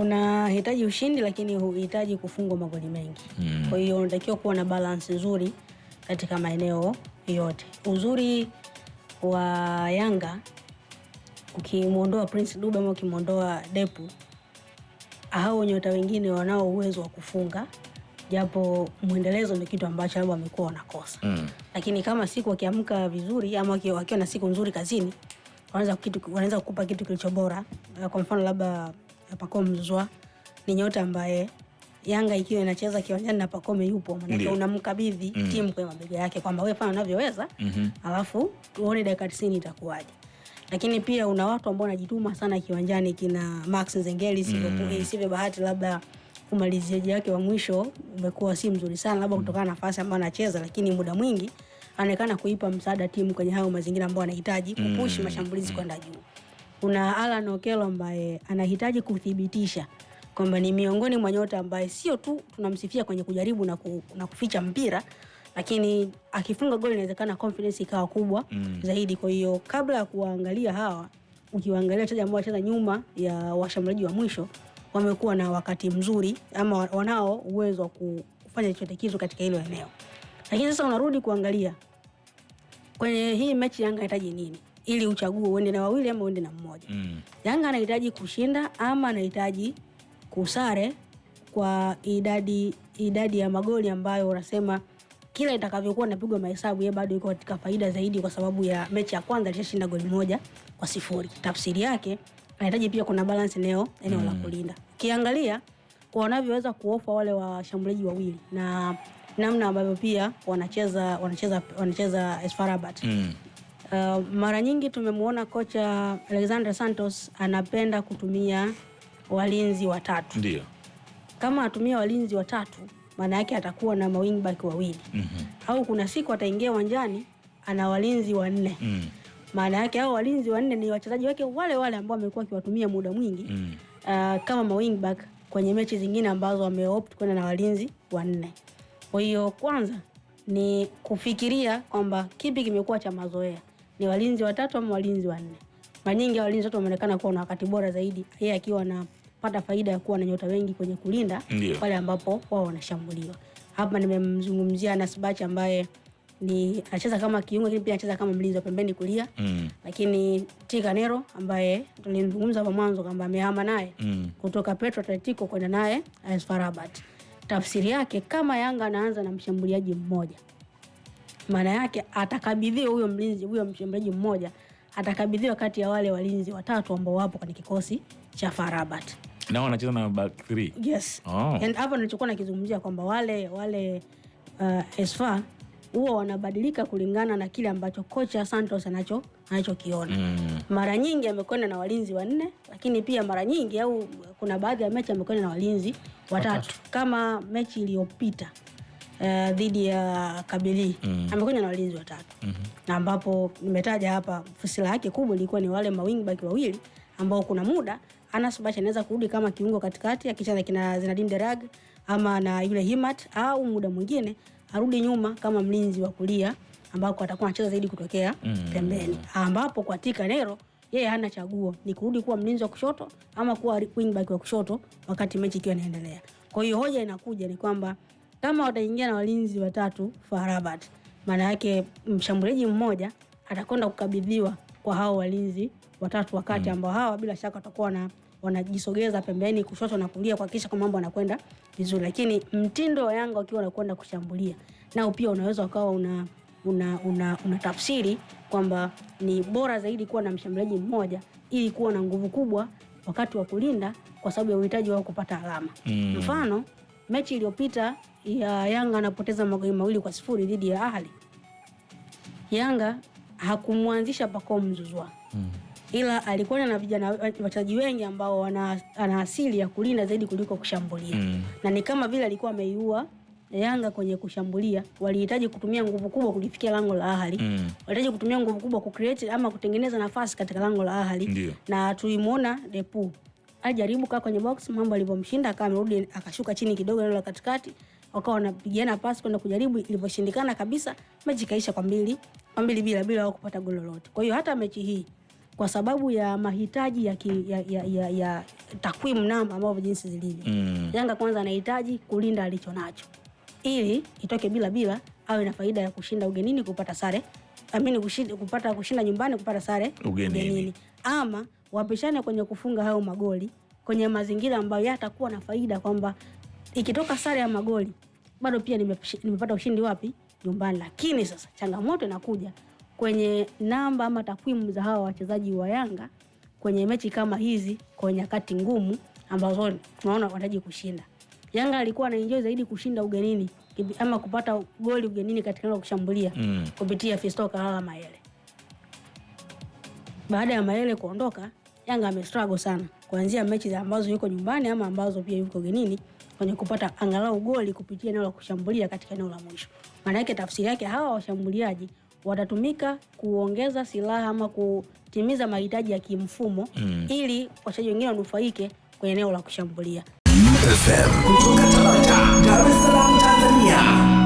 unahitaji ushindi lakini huhitaji kufungwa magoli mengi mm. Kwa hiyo unatakiwa kuwa na balance nzuri katika maeneo yote. Uzuri wa Yanga ukimwondoa Prince Dube ama ukimwondoa Depu, hao nyota wengine wanao uwezo wa kufunga, japo mwendelezo ni kitu ambacho labda wamekuwa wanakosa mm. Lakini kama siku wakiamka vizuri ama wakiwa na siku nzuri kazini, wanaweza kukupa kitu kilicho bora. Kwa mfano labda na Pacome Zouzoua ni nyota ambaye Yanga ikiwa inacheza kiwanjani na Pacome yupo, maanake unamkabidhi mm. timu kwenye mabega yake kwamba wewe fanya unavyoweza mm -hmm. alafu tuone dakika 90 itakuwaje. Lakini pia una watu ambao wanajituma sana kiwanjani, kina Max Nzengeli mm. isivyo bahati labda umaliziaji wake wa mwisho umekuwa si mzuri sana, labda mm. kutokana na nafasi ambayo anacheza, lakini muda mwingi anaonekana kuipa msaada timu kwenye hayo mazingira ambayo anahitaji kupush mm. mashambulizi kwenda juu kuna Alan Okello ambaye anahitaji kuthibitisha kwamba ni miongoni mwa nyota ambaye sio tu tunamsifia kwenye kujaribu na, ku, na kuficha mpira lakini akifunga goli inawezekana confidence ikawa kubwa mm. zaidi. Kwa hiyo kabla ya kuwaangalia hawa, ukiwaangalia wachezaji ambao wanacheza nyuma ya washambuliaji wa mwisho, wamekuwa na wakati mzuri ama wanao uwezo wa kufanya chochote kitu katika hilo eneo. Lakini sasa unarudi kuangalia kwenye hii mechi Yanga inahitaji nini? ili uchague uende na wawili ama uende na mmoja mm. Yanga anahitaji kushinda ama anahitaji kusare kwa idadi idadi ya magoli ambayo unasema kila itakavyokuwa napigwa mahesabu, yeye bado yuko katika faida zaidi, kwa sababu ya mechi ya kwanza alishashinda goli moja kwa sifuri. Tafsiri yake anahitaji pia kuna balance eneo eneo mm. la kulinda. Ukiangalia kwa wanavyoweza kuofa wale washambuliaji wawili na namna ambavyo pia wanacheza wanacheza wanacheza Esfarabat mm. Uh, mara nyingi tumemwona kocha Alexander Santos anapenda kutumia walinzi watatu. Ndio. Kama atumia walinzi watatu maana yake atakuwa na mawing back wawili mm -hmm. Au kuna siku ataingia uwanjani ana walinzi wanne mm. Maana yake hao walinzi wanne ni wachezaji wake wale wale ambao amekuwa akiwatumia muda mwingi mm. Uh, kama mawing back kwenye mechi zingine ambazo ameopt kwenda na walinzi wanne. Kwa hiyo kwanza ni kufikiria kwamba kipi kimekuwa cha mazoea ni walinzi watatu ama walinzi wanne. Mara nyingi walinzi watatu wameonekana kuwa na wakati bora zaidi, yeye akiwa anapata faida ya kuwa na nyota wengi kwenye kulinda pale ambapo wao wanashambuliwa. Hapa nimemzungumzia Nasbachi ambaye ni anacheza kama kiungo lakini pia anacheza kama mlinzi wa pembeni kulia mm. Lakini Tika Nero ambaye tulimzungumza hapo mwanzo kwamba amehama naye mm. kutoka Petro Atletico kwenda naye AS FAR Rabat. Tafsiri yake kama Yanga anaanza na mshambuliaji mmoja maana yake atakabidhiwa huyo mlinzi, huyo mshambuliaji mmoja atakabidhiwa kati ya wale walinzi watatu ambao wapo kwenye kikosi cha farabat nao wanacheza na back three. Yes. Oh. And hapo nilichokuwa nakizungumzia kwamba wale wale uh, SFA huwa wanabadilika kulingana na kile ambacho kocha Santos anacho anachokiona. Mm. Mara nyingi amekwenda na walinzi wanne, lakini pia mara nyingi au kuna baadhi ya mechi amekwenda na walinzi watatu, watatu. Kama mechi iliyopita Eh, dhidi ya Kabili mm. amekwenda na walinzi watatu mm -hmm. na ambapo nimetaja hapa fusila yake kubwa ilikuwa ni wale mawingback wawili ambao kuna muda Anas Bash anaweza kurudi kama kiungo katikati akicheza kina Zinedine Zidane ama na yule Himat, au muda mwingine arudi nyuma kama mlinzi wa kulia ambako atakuwa anacheza zaidi kutokea mm -hmm. pembeni, ambapo kwa Tika Nero yeye hana chaguo, ni kurudi kuwa mlinzi wa kushoto ama kuwa wingback wa kushoto wakati mechi ikiwa inaendelea. Kwa hiyo hoja inakuja ni kwamba kama wataingia na walinzi watatu FAR maana yake mshambuliaji mmoja atakwenda kukabidhiwa kwa hao walinzi watatu, wakati mm. ambao hawa bila shaka watakuwa na wanajisogeza pembeni kushoto na kulia kuhakikisha kwa mambo yanakwenda vizuri, lakini mtindo wa Yanga wakiwa wanakwenda kushambulia nao pia unaweza ukawa una una, una, una tafsiri kwamba ni bora zaidi kuwa na mshambuliaji mmoja ili kuwa na nguvu kubwa wakati wa kulinda, kwa sababu ya uhitaji wao kupata alama. Mm. Mfano mechi iliyopita ya Yanga anapoteza magoli mawili kwa sifuri dhidi ya Ahli, Yanga hakumwanzisha Pacome Zouzoua mm. ila alikuwa na vijana wachezaji wengi ambao ana asili ya kulinda zaidi kuliko kushambulia mm. na ni kama vile alikuwa ameiua Yanga kwenye kushambulia, walihitaji kutumia nguvu kubwa kulifikia lango la Ahali mm. walihitaji kutumia nguvu kubwa kucreate ama kutengeneza nafasi katika lango la Ahali Ndiyo. na tulimuona Depu ajaribu kaa kwenye box, mambo alivyomshinda akawa amerudi akashuka chini kidogo, eneo la katikati, wakawa wanapigana pasi kwenda kujaribu, ilivyoshindikana kabisa, mechi kaisha kwa mbili kwa mbili bila bila wao kupata goli lolote. Kwa hiyo hata mechi hii kwa sababu ya mahitaji ya, ki, ya, ya, ya, ya takwimu namba ambavyo jinsi zilivyo mm. Yanga kwanza anahitaji kulinda alichonacho ili itoke bila bila, awe na faida ya kushinda ugenini kupata sare amini kushinda, kupata kushinda nyumbani kupata sare ugenini, ugenini. ama wapishane kwenye kufunga hayo magoli kwenye mazingira ambayo yatakuwa na faida kwamba ikitoka sare ya magoli bado pia nimepata ushindi wapi? Nyumbani. Lakini sasa changamoto inakuja kwenye namba ama takwimu za hawa wachezaji wa Yanga kwenye mechi kama hizi, kwa nyakati ngumu ambazo tunaona wanataji kushinda. Yanga alikuwa anaenjoy zaidi kushinda ugenini ama kupata goli ugenini katika la kushambulia mm, kupitia fistoka hawa maele Baada ya maele kuondoka, Yanga amestruggle sana kuanzia mechi za ambazo yuko nyumbani ama ambazo pia yuko genini kwenye kupata angalau goli kupitia eneo la kushambulia katika eneo la mwisho. Maana yake tafsiri yake hawa washambuliaji watatumika kuongeza silaha ama kutimiza mahitaji ya kimfumo mm, ili wachezaji wengine wanufaike kwenye eneo la kushambulia. FM kutoka Dar es Salaam, Tanzania.